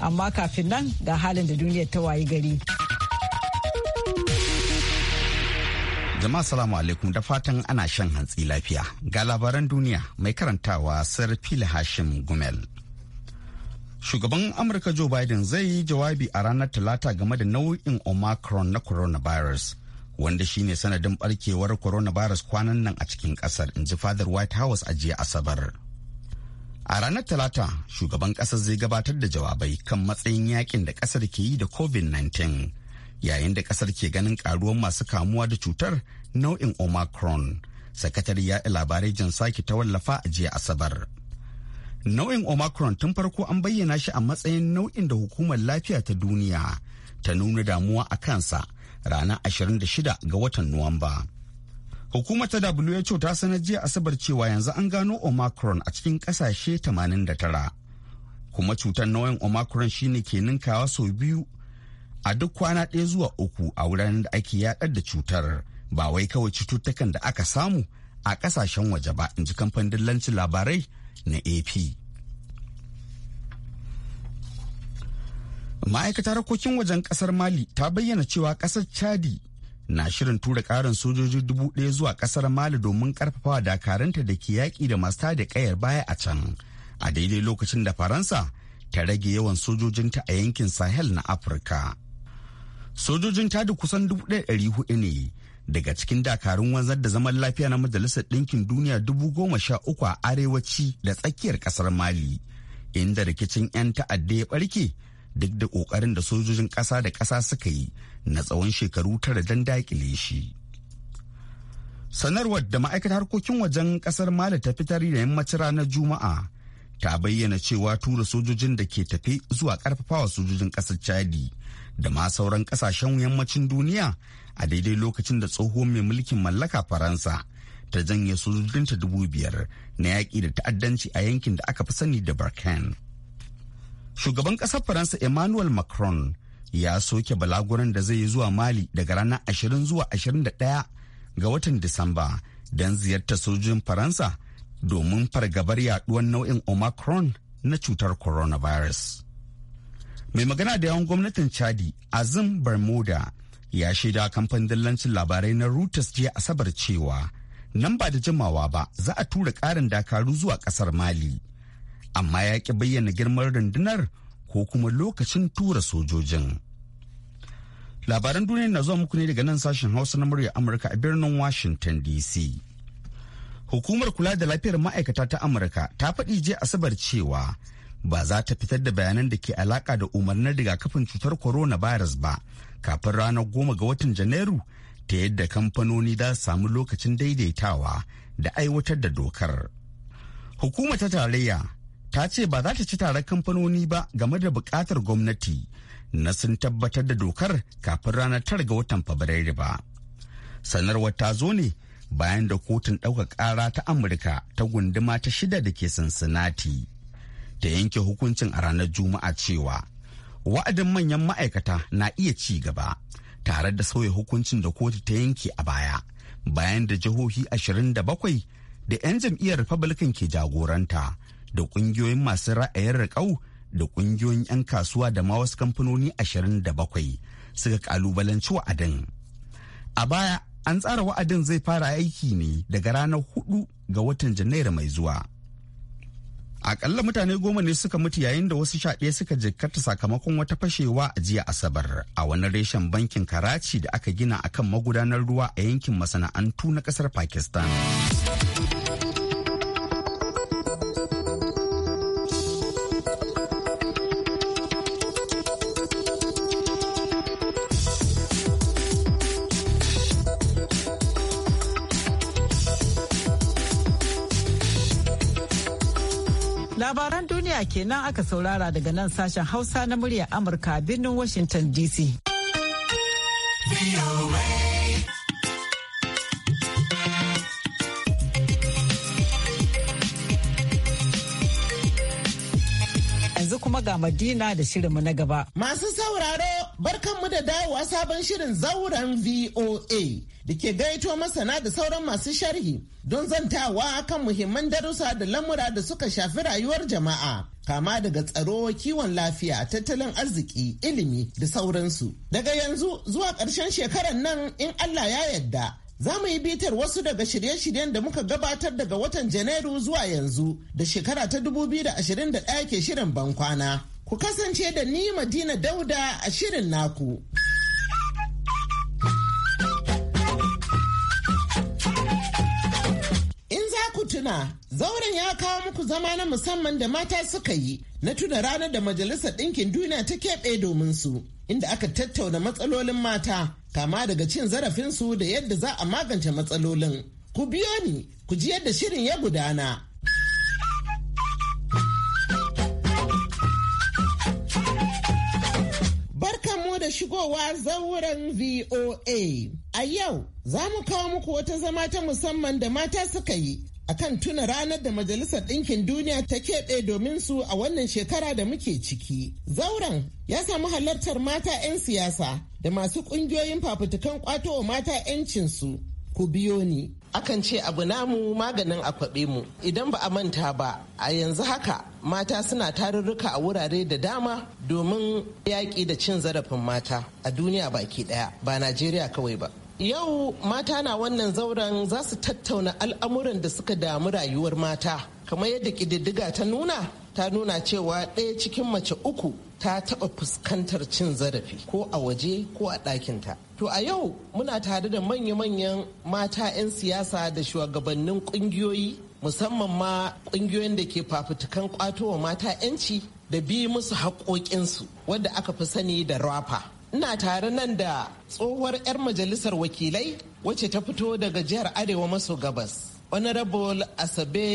amma kafin nan ga halin da duniyar ta wayi gari. Jama'a salamu alaikum da fatan ana shan hantsi lafiya. Ga labaran duniya mai karantawa Sir Phil Hashim Gumel. Shugaban Amurka Joe Biden zai yi jawabi a ranar Talata game da nau'in Omicron na coronavirus. Wanda shi ne sanadin barkewar coronavirus kwanan nan a cikin kasar, in ji fadar White House a jiya Asabar. A ranar Talata, shugaban ƙasar zai gabatar da jawabai kan matsayin yakin da ƙasar ke yi da COVID-19, yayin da ƙasar ke ganin ƙaruwar masu kamuwa da cutar nau'in Omicron. Sakatare ya labarai jan Saki ta wallafa a jiya Asabar. Nau'in Omicron tun farko an bayyana shi a matsayin nau'in da hukumar lafiya ta duniya ta nuna damuwa a kansa ranar 26 ga watan Nuwamba. Hukumar ta WHO ta sanar jiya Asabar cewa yanzu an gano Omicron a cikin kasashe 89. Kuma cutar nauyin Omicron shine ke ninkawa sau biyu a duk kwana ɗaya zuwa uku a wuraren da ake yaɗar da cutar. Ba wai kawai cututtukan da aka samu a kasashen waje ba, in ji kamfanin dillancin labarai na AP. Ma'aikatar harkokin wajen kasar Mali ta bayyana cewa kasar Chadi na shirin tura karin sojoji dubu ɗaya zuwa ƙasar mali domin ƙarfafawa dakaranta da ke yaƙi da masu tada ƙayar baya a can a daidai lokacin da faransa ta rage yawan sojojinta a yankin sahel na afirka sojojin da kusan dubu ɗaya ɗari hudu ne daga cikin dakarun wanzar da zaman lafiya na majalisar ɗinkin duniya dubu goma sha uku a arewaci da tsakiyar ƙasar mali inda rikicin 'yan ta'adda ya ɓarke duk da ƙoƙarin da sojojin ƙasa da ƙasa suka yi na tsawon shekaru tara don daƙile shi. Sanarwar da ma'aikatar harkokin wajen ƙasar Mali ta fitar da yammacin ranar Juma'a ta bayyana cewa tura sojojin da ke tafe zuwa ƙarfafawa sojojin ƙasar Chadi da ma sauran ƙasashen yammacin duniya a daidai lokacin da tsoho mai mulkin mallaka Faransa ta janye sojojinta dubu biyar na yaƙi da ta'addanci a yankin da aka fi sani da Barkan. Shugaban ƙasar Faransa Emmanuel Macron ya soke balaguran da zai yi zuwa Mali daga ranar 20 zuwa 21 ga watan Disamba don ziyartar sojojin Faransa domin fargabar yaduwar nau'in Omicron na cutar coronavirus. Mai magana da yawan gwamnatin Chadi Azim Bermuda ya shaida kamfanin dillancin labarai na Reuters jiya Asabar cewa nan ba da jimawa ba za a tura karin dakaru zuwa kasar Mali. amma ya ki bayyana girman rundunar ko kuma lokacin tura sojojin. Labaran duniya na zuwa muku ne daga nan sashen Hausa na murya Amurka a birnin Washington DC. Hukumar kula da lafiyar ma'aikata ta Amurka ta faɗi je Asabar cewa ba za ta fitar da bayanan da ke alaƙa da umarnin rigakafin cutar corona coronavirus ba kafin ranar goma ga watan Janairu ta yadda kamfanoni za su samu lokacin daidaitawa da aiwatar da dokar. Hukumar ta tarayya ta ce ba za ta ci tare kamfanoni ba game da bukatar gwamnati na sun tabbatar da dokar kafin ranar tara ga watan fabrairu ba sanarwar ta zo ne bayan da kotun ɗaukar ƙara ta amurka ta gunduma ta shida da ke sansanati ta yanke hukuncin a ranar juma'a cewa wa'adin manyan ma'aikata na iya ci gaba tare da sauya hukuncin da kotu ta yanke a baya bayan da jihohi 27 da 'yan jam'iyyar republican ke jagoranta da kungiyoyin masu ra'ayin rikau da kungiyoyin 'yan kasuwa da ma wasu kamfanoni 27 suka kalubalanci wa'adin. A baya an tsara wa'adin zai fara aiki ne daga ranar hudu ga watan Janairu mai zuwa. Akalla mutane goma ne suka mutu yayin da wasu sha ɗaya suka jikkata sakamakon wata fashewa a jiya Asabar a wani reshen bankin Karachi da aka gina akan magudanar ruwa a yankin masana'antu na ƙasar Pakistan. kenan aka saurara daga nan sashen Hausa na muryar Amurka birnin Washington DC. Yanzu kuma ga Madina da shirinmu na gaba. Masu sauraro barkanmu da dawowa sabon shirin zauren VOA da ke gaito masana da sauran masu sharhi don zantawa kan muhimman darussa da lamura da suka shafi rayuwar jama'a. kama daga tsaro kiwon lafiya tattalin arziki ilimi da sauransu daga yanzu zuwa ƙarshen shekarar nan in allah ya yarda za mu yi bitar wasu daga shirye-shiryen da muka gabatar daga watan janairu zuwa yanzu da shekara ta da 2021 ke shirin bankwana ku kasance da ni madina dauda a shirin naku. Kaduna. Zauren ya kawo muku zama na musamman da mata suka yi na tuna ranar da Majalisar Ɗinkin Duniya ta keɓe domin su, inda aka tattauna matsalolin mata, kama daga cin zarafin su da yadda za a magance matsalolin. Ku biyo ni, ku ji yadda shirin ya gudana. da shigowa zauren VOA. A yau za mu kawo muku wata zama ta musamman da mata suka yi akan tuna ranar da Majalisar Ɗinkin Duniya ta keɓe domin su a wannan shekara da muke ciki. Zauren ya samu halartar mata 'yan siyasa da masu ƙungiyoyin fafutukan ƙwato wa mata 'yancinsu. Ku biyo ni. Akan ce abu namu maganin akwaɓe mu. Idan ba a manta ba, a yanzu haka mata suna tarurruka a wurare da dama domin yaƙi da cin zarafin mata a duniya baki ɗaya ba Najeriya kawai ba. Yau mata na wannan zauren za su tattauna al'amuran da suka damu rayuwar mata. Kamar yadda ƙididdiga ta nuna, ta nuna cewa ɗaya cikin mace uku ta taɓa fuskantar cin zarafi ko a waje ko a ɗakinta. To a yau muna tare da manya-manyan mata 'yan siyasa da shugabannin ƙungiyoyi musamman ma ƙungiyoyin da ke fafutukan wa mata 'yanci da bi musu haƙoƙinsu wadda aka fi sani da rafa. ina tare nan da tsohuwar 'yar majalisar wakilai wacce ta fito daga jihar arewa maso gabas honorable asabe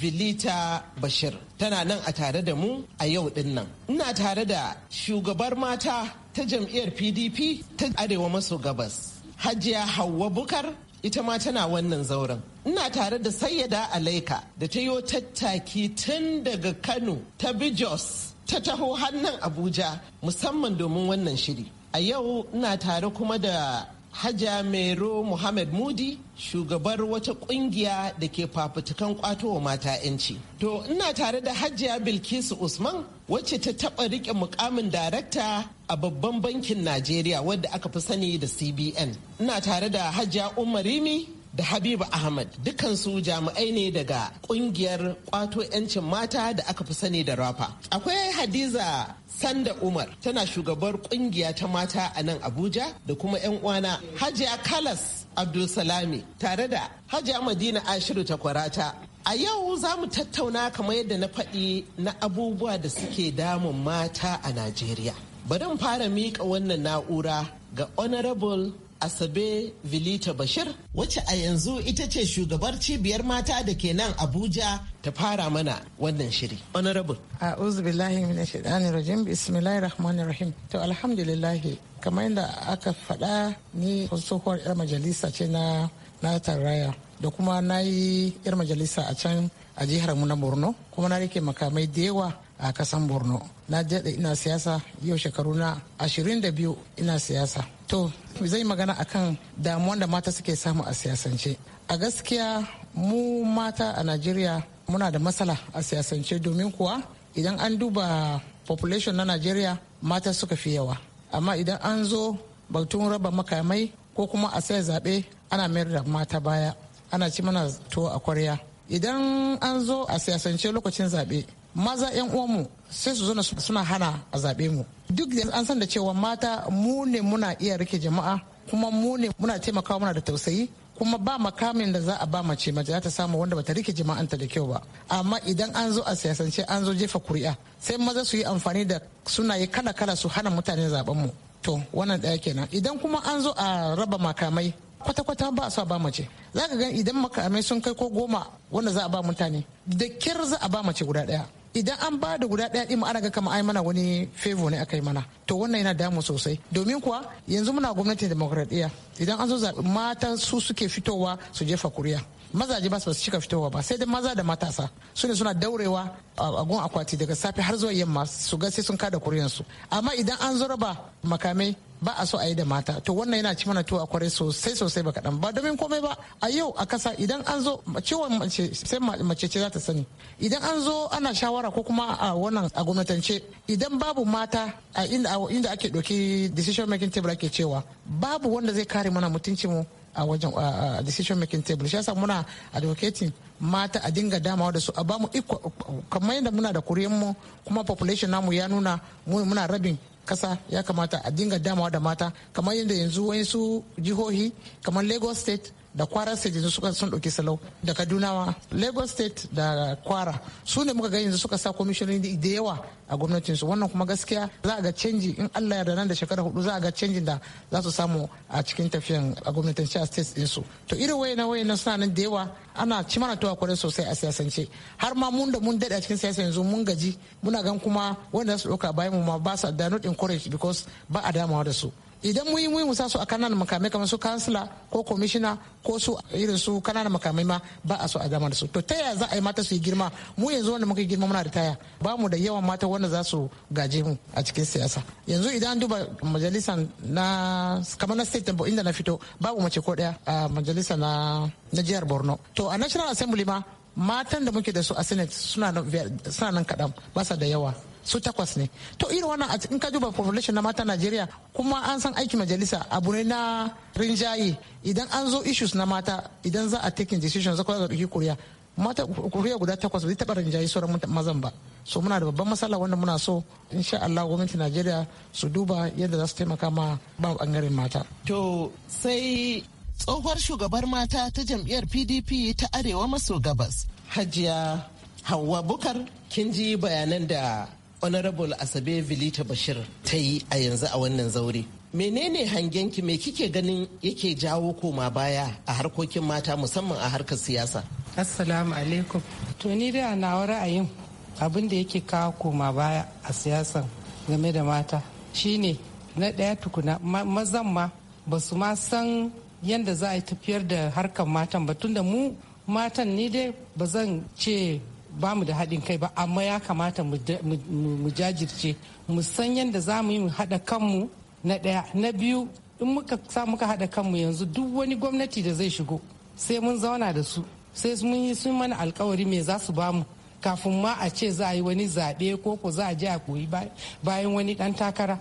vilita bashir tana nan a tare da mu a yau din nan ina tare da shugabar mata ta jam'iyyar pdp ta arewa maso gabas hajiya hauwa bukar ita ma tana wannan zauren ina tare da sayyada alaika da ta yi tattaki tun daga kano ta bijos ta taho hannun abuja musamman domin wannan shiri A yau ina tare kuma da Hajja Mero Muhammad Mudi shugabar wata kungiya da ke fafutukan wa mata 'yanci. To ina tare da Hajjiya Bilkisu Usman wacce ta taɓa riƙe mukamin darakta a babban bankin Najeriya wadda aka fi sani da CBN. Ina tare da Hajjiya Umarimi da Habibu Ahmad dukansu jami'ai ne daga kungiyar kwato 'yancin mata da aka fi sani da rafa. Akwai Hadiza Sanda Umar tana shugabar kungiya ta mata a nan Abuja da kuma 'yan uwana Hajiya Kalas Abdulsalami tare da Hajiya Madina Ashiru Takwarata. A yau za mu tattauna kamar yadda na faɗi na abubuwa da suke damun mata a Najeriya. Bari fara miƙa wannan na'ura ga Honorable Asabe Vilita Bashir wacce a yanzu ita ce shugabar cibiyar mata da ke nan Abuja ta fara mana wannan shiri. Honorable. uzu billahi minash shaitanir rajim. Bismillahir rahmanir rahim. To alhamdulillah kamar yadda aka faɗa ni tsohuwar 'yar majalisa ce na na taraya da kuma na yi 'yar majalisa a can a jihar mu na Borno kuma na rike makamai da yawa a kasan borno na jade ina siyasa yau shekaru na 22 ina siyasa to zai magana akan damuwan da mata suke samu a siyasance a gaskiya mu mata a najeriya muna da matsala a siyasance domin kuwa idan an duba population na najeriya mata suka fi yawa amma idan an zo batun raba makamai ko kuma a sai zaɓe ana mayar da mata baya ana ci mana tuwo a kwarya idan an zo a siyasance lokacin zaɓe maza yan uwanmu sai su zuna suna hana a zaɓe mu duk da an san da cewa mata mu ne muna iya rike jama'a kuma mu ne muna taimakawa muna da tausayi kuma ba makamin da za a ba mace mace za ta samu wanda bata rike jama'anta da kyau ba amma idan an zo a siyasance an zo jefa kuri'a sai maza su yi amfani da sunaye kala kala su hana mutane zaben mu to wannan daya kenan idan kuma an zo a raba makamai kwata-kwata ba a so ba mace za ka gan idan makamai sun kai ko goma wanda za a ba mutane da kyar za a ba mace guda daya idan an ba da guda ɗaya ɗin ana ga kama ai mana wani fevo ne aka yi mana to wannan yana damu sosai domin kuwa yanzu muna gwamnatin demokradiyya idan an zo zaɓi mata su suke fitowa su jefa kuriya mazaje ba su cika fitowa ba sai dai maza da matasa su ne suna daurewa a gun akwati daga safe har zuwa yamma su ga sai sun kada kuriyansu amma idan an zo raba makamai ba a so a yi da mata to wannan yana ci mana tuwa kwarai sosai sosai ba kaɗan ba domin komai ba a yau a kasa idan an zo ciwon mace sai mace ce za ta sani idan an zo ana shawara ko kuma a wannan a gwamnatance idan babu mata a inda ake ɗauki decision making table ake cewa babu wanda zai kare mana mutuncin mu a wajen decision making table shi yasa muna advocating mata a dinga dama da su a bamu kamar yadda muna da kuriyan mu kuma population namu ya nuna muna rabin kasa ya kamata a dinga damawa da mata kamar yadda yanzu wayansu jihohi kamar lagos state da kwara state yanzu suka sun dauki salau da kadunawa lagos state da kwara su ne muka ga yanzu suka sa kwamishinoni da yawa a gwamnatin su wannan kuma gaskiya za a ga canji in allah ya nan da shekara hudu za a ga canjin da za su samu a cikin tafiyan a gwamnatin sha state din su to irin wayan wayan suna nan da yawa ana ci mana tuwa kwarai sosai a siyasance har ma mun da mun dade a cikin siyasa yanzu mun gaji muna gan kuma wanda su dauka bayan mu ma ba su da not encourage because ba a damawa da su idan mu yi mu su a kananan makamai kamar su kansila ko komishina ko su irin su kananan makamai ma ba a so a zama da su to ta yaya za a yi mata su yi girma mu yanzu wanda muka girma muna da taya ba mu da yawan mata wanda za su gaje mu a cikin siyasa yanzu idan duba majalisa na kamar na state inda na fito babu mace ko daya a majalisa na na jihar borno to a national assembly ma matan da muke da su a senate suna nan kaɗan ba sa da yawa su takwas ne to irin wannan in ka duba population na mata najeriya kuma an san aiki majalisa abu ne na rinjaye idan an zo issues na mata idan za a taking decision za ku ɗauki kuriya mata kuriya guda takwas ba zai taɓa rinjaye sauran mazan ba so muna da babban matsala wanda muna so insha Allah gwamnati Najeriya su duba yadda za su taimaka ma ba bangaren mata to sai tsohuwar shugabar mata ta jam'iyyar PDP ta arewa maso gabas Hajiya Hauwa Bukar kin ji bayanan da honorable asabe vilita bashir ta yi a yanzu a wannan zaure menene hangenki me kike ganin yake jawo koma baya a harkokin mata musamman a harkar siyasa assalamu alaikum to ni da nawa ra'ayin abin da yake kawo koma baya a siyasan game da mata shine na ɗaya tukuna mazan ma ba su ma san yadda za a tafiyar da harkar matan ba tunda mu matan ni dai ba zan ce ba mu da haɗin kai ba amma ya kamata mu jajirce mu san yadda za mu yi mu haɗa kanmu na ɗaya na biyu in muka sa muka haɗa kanmu yanzu duk wani gwamnati da zai shigo sai mun zauna da su sai mun yi sun mana alkawari me za su bamu kafin ma a ce za a yi wani zaɓe ko ko za a je a koyi bayan wani ɗan takara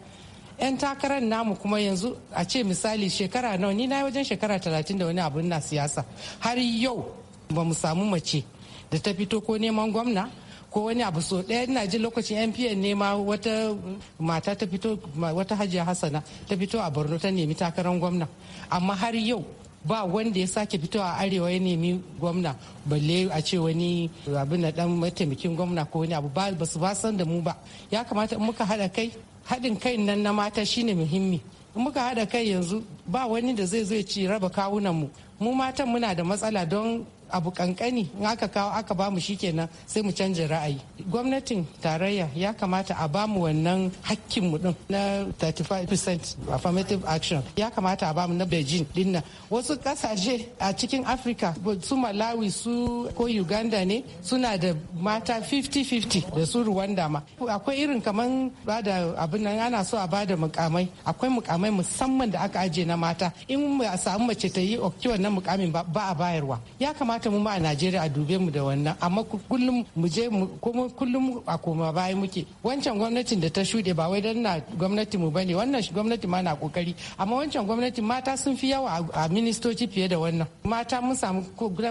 'yan takarar namu kuma yanzu a ce misali shekara nawa ni na wajen shekara talatin da wani abun na siyasa har yau ba mu samu mace da ta fito ko neman gwamna ko wani abu so ɗaya ina jin lokacin npn ne ma wata mata ta fito wata hajiya hassana ta fito a borno ta nemi takarar gwamna amma har yau ba wanda ya sake fito a arewa ya nemi gwamna balle a ce wani abin na dan mataimakin gwamna ko wani abu ba su ba san da mu ba ya kamata in muka haɗa kai haɗin kai nan na mata shine muhimmi in muka haɗa kai yanzu ba wani da zai zo ya ci raba kawunan mu mu matan muna da matsala don abu kankani in aka kawo aka bamu shikenan sai mu canja ra'ayi gwamnatin tarayya ya kamata a bamu wannan hakkin mu din na 35% affirmative action ya kamata a bamu na beijing din nan wasu kasashe a cikin africa su malawi su ko uganda ne suna da mata 50-50 da su rwanda ma akwai irin kaman bada abin nan ana so a bada mukamai akwai mukamai musamman da aka ajiye na mata in a samu mace ta yi kiwon na mukamin ba a bayarwa ya kamata kamata mu ma a Najeriya a dube mu da wannan amma kullum mu je kuma kullum a koma baya muke wancan gwamnatin da ta shuɗe ba wai dan na gwamnati mu bane wannan gwamnati ma na kokari amma wancan gwamnati mata sun fi yawa a ministoci fiye da wannan mata mun samu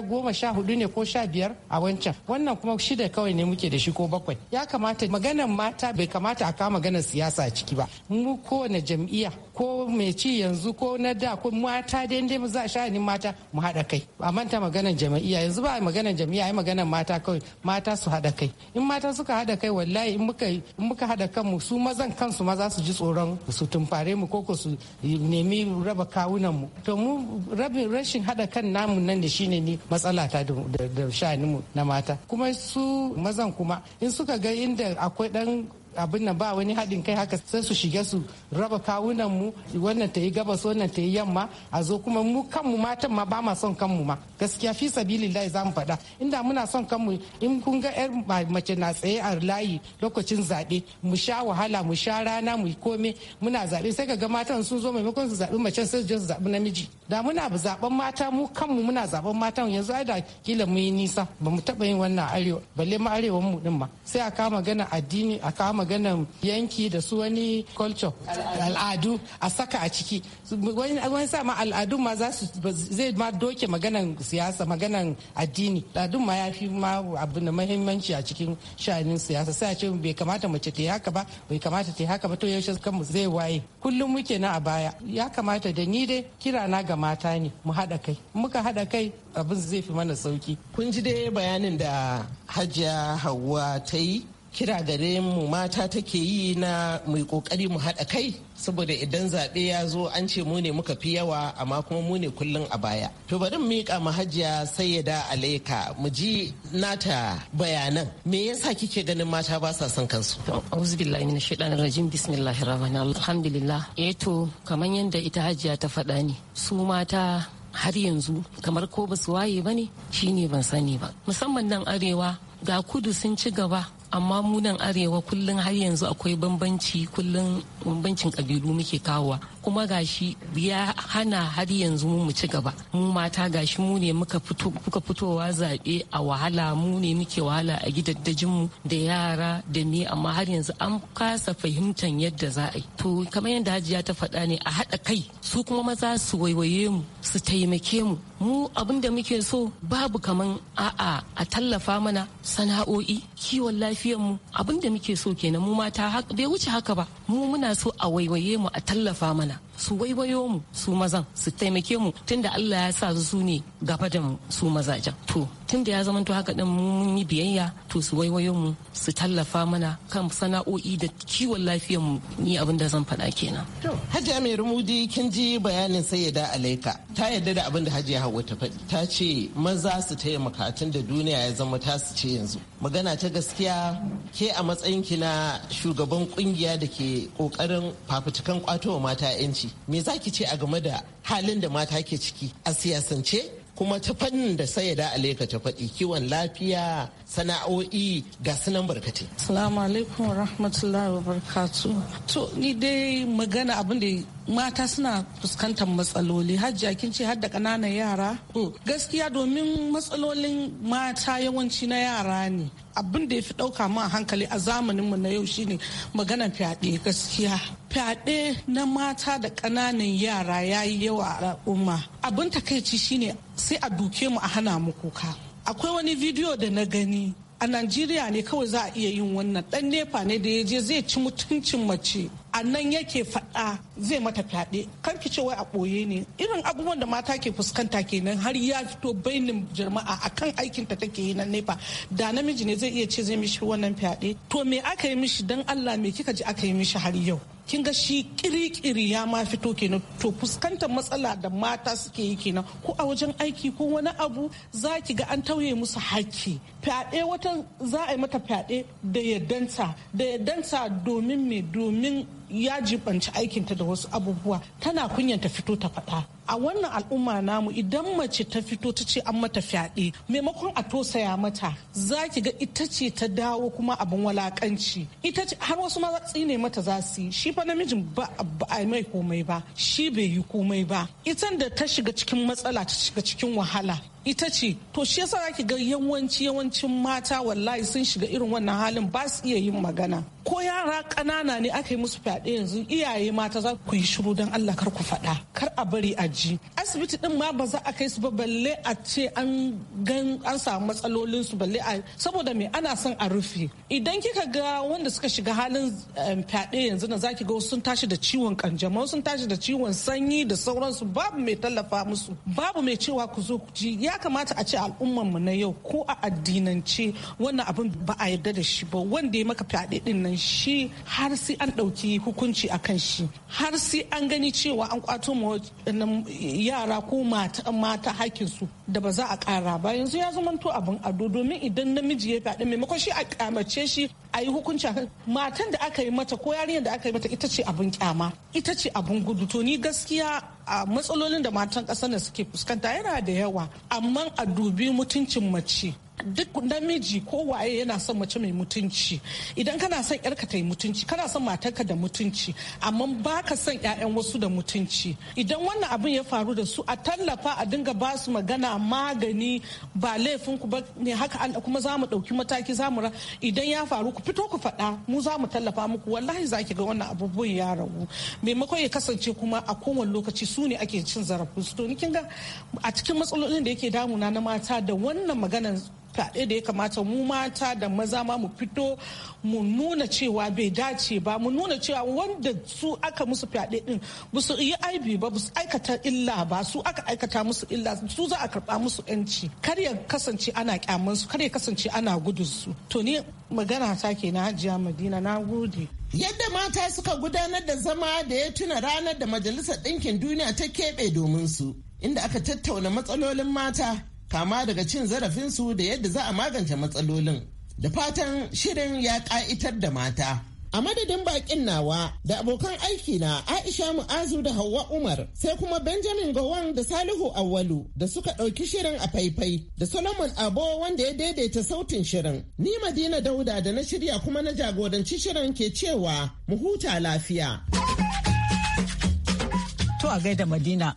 goma sha hudu ne ko sha biyar a wancan wannan kuma shida kawai ne muke da shi ko bakwai ya kamata maganan mata bai kamata a kama maganar siyasa ciki ba mu kowane jam'iyya ko mai ci yanzu ko na da ko mata daidai mu za a sha'anin mata mu haɗa kai a manta maganar jama'iya yanzu ba maganar jami'a ai maganar mata kawai mata su haɗa kai in mata suka haɗa kai wallahi in muka in muka haɗa kanmu su mazan kansu ma za su ji tsoron su tumfare mu ko su nemi raba kawunan mu to mu rabin rashin haɗa kan namu nan da shine ni matsala ta da sha'anin mu na mata kuma su mazan kuma in suka ga inda akwai dan abin nan ba wani haɗin kai haka sai su shige su raba kawunan mu wannan ta yi gabas wannan ta yi yamma a zo kuma mu kanmu matan ma ba ma son kanmu ma gaskiya fi layi za mu faɗa inda muna son kanmu in kun ga yar mace na tsaye a layi lokacin zaɓe mu sha wahala mu sha rana mu kome muna zaɓe sai ka ga matan sun zo maimakon su zaɓi mace sai su je su zaɓi namiji da muna zaɓen mata mu kanmu muna zaɓen matan yanzu ai da kila mu yi nisa ba mu taɓa yin wannan arewa balle ma arewa mu ɗin ma sai a kama gana addini a kama maganan yanki da su wani culture al'adu a saka a ciki wani sa ma al'adun ma za su zai ma doke maganan siyasa maganan addini al'adun ma ya fi ma abu da mahimmanci a cikin sha'anin siyasa sai a ce bai kamata mace ta yi haka ba bai kamata ta yi haka ba to yaushe kanmu zai waye kullum muke na a baya ya kamata da ni dai kira na ga mata ne mu haɗa kai muka haɗa kai abin zai fi mana sauki kun ji dai bayanin da hajiya hauwa ta yi kira gare mu mata take yi na mai kokari mu haɗa kai saboda idan zaɓe ya zo an ce mu ne muka fi yawa amma kuma mu ne kullum a baya to bari mu miƙa mu hajiya sayyada alaika mu ji nata bayanan me yasa kike ganin mata ba sa son kansu auzu billahi minash rajim bismillahir rahmani alhamdulillah eh to kamar yadda ita hajiya ta faɗa ne su mata har yanzu kamar ko ba su waye ba ne Shi ne ban sani ba musamman nan arewa ga kudu sun ci gaba amma munan arewa kullum har yanzu akwai bambanci kullum bambancin kabilu muke kawowa kuma gashi ya hana har yanzu mu ci gaba mu mata gashi mu ne muka fitowa zaɓe a wahala mu ne muke wahala a gidaddajin mu da yara da me amma har yanzu an kasa fahimtar yadda za a yi to kamar yadda hajiya ta faɗa ne a haɗa kai su kuma maza su waiwaye mu su taimake mu mu abin da muke so babu kaman a'a a tallafa mana sana'o'i kiwon lafiyar mu abin da muke so kenan mu mata bai wuce haka ba mu muna so a waiwaye mu a tallafa mana su waiwayo mu su mazan su taimake mu tunda Allah ya sa su ne gaba da mu su mazajen to tunda ya zama to haka din mun yi biyayya to su waiwayo mu su tallafa mana kan sana'o'i da kiwon lafiyar mu ni abin da zan faɗa kenan to Hajiya Mai Rumudi kin ji bayanin Sayyida Alaika ta yarda da abin da Hajiya Hauwa ta faɗi ta ce maza su taimaka tun da duniya ya zama su ce yanzu magana ta gaskiya ke a matsayin ki na shugaban kungiya da ke kokarin fafutukan kwato mata 'yanci shi me za ki ce a game da halin da mata ke ciki a siyasance kuma ta fannin da sayyada aleka ta faɗi kiwon lafiya sana'o'i ga sunan barkate. Salamu alaikum rahmatullahi wa barkatu. To ni dai magana abin da mata suna fuskantar matsaloli hajjiya kin ce har da ƙananan yara. Gaskiya domin matsalolin mata yawanci na yara ne. Abin da ya fi ɗauka mu a hankali a zamaninmu na yau shine maganar fyaɗe gaskiya. fyaɗe na mata da ƙananan yara ya yi yawa a al'umma abin takaici shine sai a duke mu a hana mu kuka akwai wani bidiyo da na gani a najeriya ne kawai za a iya yin wannan ɗan nepa ne da ya je zai ci mutuncin mace a nan yake faɗa zai mata fyaɗe kan ki ce wai a ɓoye ne irin abubuwan da mata ke fuskanta kenan har ya fito bainin jama'a akan aikin ta take yi na nefa da namiji ne zai iya ce zai mishi wannan fyaɗe to me aka yi mishi dan Allah me kika ji aka yi mishi har yau kin ga shi kirikiri ya ma fito kenan to fuskantar matsala da mata suke yi kenan ko a wajen aiki ko wani abu za ki ga an tauye musu haƙƙi fyaɗe wata za a yi mata fyaɗe da yaddanta da yaddanta domin me domin ya jibanci aikinta da wasu abubuwa tana ta fito ta faɗa a wannan al'umma namu idan mace ta fito ta ce an mata fyaɗe maimakon a tosaya mata za ki ga ita ce ta dawo kuma abin walakanci ita ce har wasu ma tsine mata za su yi shi fa namijin ba a mai komai ba shi bai yi komai ba ita da ta shiga cikin matsala ta shiga cikin wahala ita ce to shi yasa zaki ga yawanci yawancin mata wallahi sun shiga irin wannan halin ba su iya yin magana ko yara ƙanana ne aka yi musu fyaɗe yanzu iyaye mata za ku yi shiru don Allah kar ku faɗa kar a bari a ji asibiti din ma ba za a kai su ba balle a ce an gan an samu matsalolin su balle a saboda me ana son a rufe idan kika ga wanda suka shiga halin fyaɗe yanzu na zaki ga sun tashi da ciwon kanjamau sun tashi da ciwon sanyi da sauransu babu mai tallafa musu babu mai cewa ku zo ku ji ya kamata a ce al'ummar mu na yau ko a addinance wannan abin ba a yarda da shi ba wanda ya maka fyaɗe din nan shi har sai an ɗauki hukunci a kan shi har sai an gani cewa an kwato ma yara ko mata mata hakin su da ba za a ƙara ba yanzu ya zama to abin ado domin idan namiji ya fyaɗe maimakon shi a kyamace shi a yi hukunci matan da aka yi mata ko yarinyar da aka yi mata ita ce abin kyama ita ce abin gudu to ni gaskiya a matsalolin da matan ƙasar da suke fuskanta yana da yawa amma a dubi mutuncin mace duk namiji ko waye yana son mace mai mutunci idan kana son yarka ta yi mutunci kana son matarka da mutunci amma ba ka son 'ya'yan wasu da mutunci idan wannan abin ya faru da su a tallafa a dinga ba su magana magani ba laifin ku ba ne haka Allah kuma za mu ɗauki mataki za mu idan ya faru ku fito ku faɗa mu za mu tallafa muku wallahi za ki ga wannan abubuwan ya ragu maimakon ya kasance kuma a kowane lokaci su ne ake cin zarafin su to ni kin ga a cikin matsalolin da yake damuna na mata da wannan maganar fyaɗe da ya kamata mu mata da maza ma mu fito mu nuna cewa bai dace ba mu nuna cewa wanda su aka musu fyaɗe din ba su yi aibi ba su aikata illa ba su aka aikata musu illa su za a karɓa musu yanci kar ya kasance ana kyaman kar ya kasance ana gudun su to ni magana ta ke na hajiya madina na gode Yadda mata suka gudanar da zama da ya tuna ranar da Majalisar Ɗinkin Duniya ta keɓe domin su, inda aka tattauna matsalolin mata kama daga cin zarafinsu da yadda za a magance matsalolin. Da fatan shirin ya ƙa'itar da mata. A madadin bakin nawa da abokan aiki na Aisha Mu'azu da Hauwa Umar sai kuma Benjamin Gowon da Salihu Awalu da suka ɗauki shirin a faifai da Solomon Abo wanda ya daidaita sautin shirin. Ni Madina Dauda da na shirya kuma na jagoranci shirin ke cewa mu huta lafiya. To a gaida Madina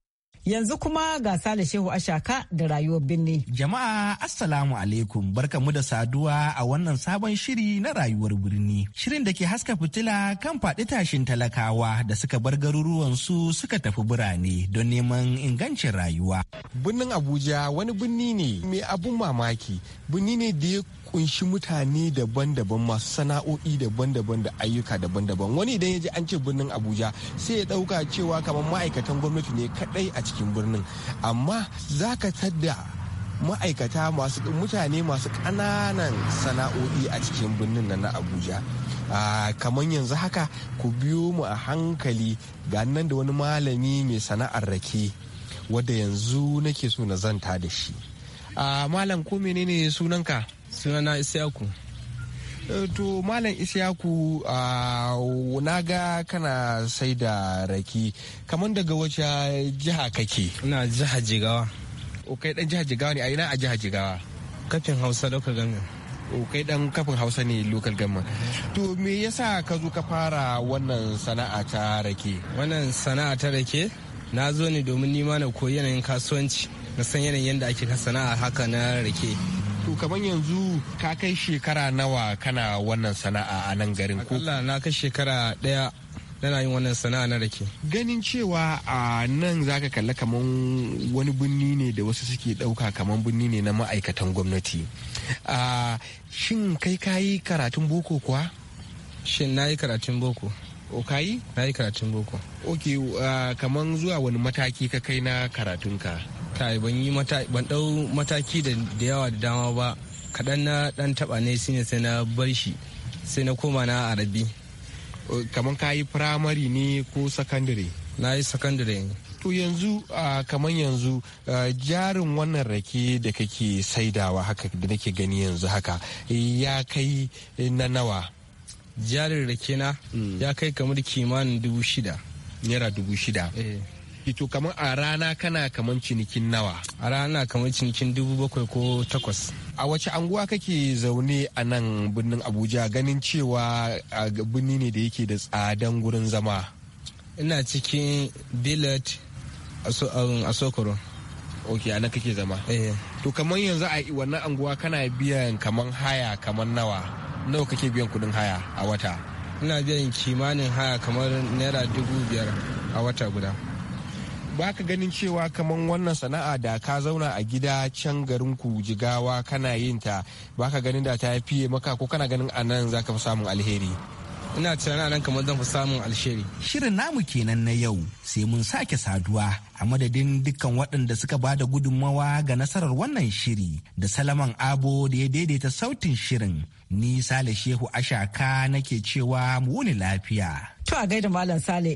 Yanzu kuma ga Sale Shehu Ashaka da rayuwar birni. Jama'a Assalamu alaikum barkamu da saduwa a wannan sabon shiri na rayuwar birni. Shirin da ke haska fitila kan faɗi tashin talakawa da suka bar garuruwan su suka tafi birane don neman ingancin rayuwa. Birnin Abuja wani birni ne mai abun mamaki, birni ne da ya kunshi mutane daban-daban masu sana'o'i daban-daban da ayyuka daban-daban wani idan ya je an ce birnin abuja sai ya dauka cewa kamar ma'aikatan gwamnati ne kadai a cikin birnin amma za ka tadda ma'aikata masu mutane masu kananan sana'o'i a cikin birnin nan na abuja kamar yanzu haka ku biyo mu a hankali ga nan da wani malami mai sana'ar rake wadda yanzu nake so na zanta da shi malam ko menene sunanka sunana isyaku eh, to malam isyaku na ga kana sai da raki kamar daga wace jiha kake ina jiha jigawa kai dan jiha jigawa ne a ina a jiha jigawa kafin hausa daukar gamin kai dan kafin hausa ne local government to me yasa ka zo ka fara wannan sana'a ta rake wannan sana'a ta rake na zo ne domin nima na koyi yanayin kasuwanci na san yanayin yadda ake ka sana'a haka na rake to kamar yanzu ka kai shekara nawa kana wannan sana'a a nan garin ko na kai shekara daya nana yin wannan sana'a na rake ganin cewa a nan zaka kalla kaman wani birni ne da wasu suke dauka kaman birni ne na ma'aikatan gwamnati a shin kai kayi karatun boko kuwa shin na yi karatun boko o kayi na yi karatun boko ok kaman zuwa wani mataki ka kai na karatunka ta ban yi ban dau mataki da yawa da dama ba kaɗan na ɗan taɓa ne shine sai na bar shi sai na koma na arabi kamar ka yi firamare ne ko sakandare na yi sakandare to yanzu kamar yanzu jarin wannan rake da kake saidawa haka da nake gani yanzu haka ya kai na nawa jarin rake na mm. ya kai kamar kimanin dubu shida naira dubu shida eh. fito eh, kamar a rana kana kamar cinikin nawa? A rana kamar cinikin dubu bakwai ko takwas. A wace anguwa kake zaune a nan birnin Abuja ganin cewa birni ne da yake da tsadan gurin zama? Ina cikin Bilat um, a Sokoro. ok ana kake zama eh. to kamar yanzu a wannan anguwa kana biyan kamar haya kamar nawa nawa kake biyan kudin haya a wata ina biyan kimanin haya kamar naira dubu biyar a wata guda ba ka ganin cewa kamar wannan sana'a da ka zauna a gida can garin ku jigawa kana yin ta ba ka ganin da ta fiye maka ko kana ganin a nan za ka fi samun alheri ina tunanin nan kamar zan fi samun alheri shirin namu kenan na yau sai mun sake saduwa a madadin dukkan waɗanda suka ba da gudunmawa ga nasarar wannan shiri da salaman abo da ya daidaita sautin shirin ni sale shehu ashaka nake cewa mu wuni lafiya to a gaida malam sale